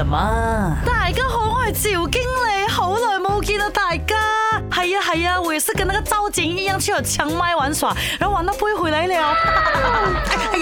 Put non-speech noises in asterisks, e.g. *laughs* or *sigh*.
什麼，大家好，我係趙經理，好耐冇見到大家係啊係啊，我亦識跟那個周展一樣出去搶麥玩耍，然後玩得杯回來了。啊 *laughs*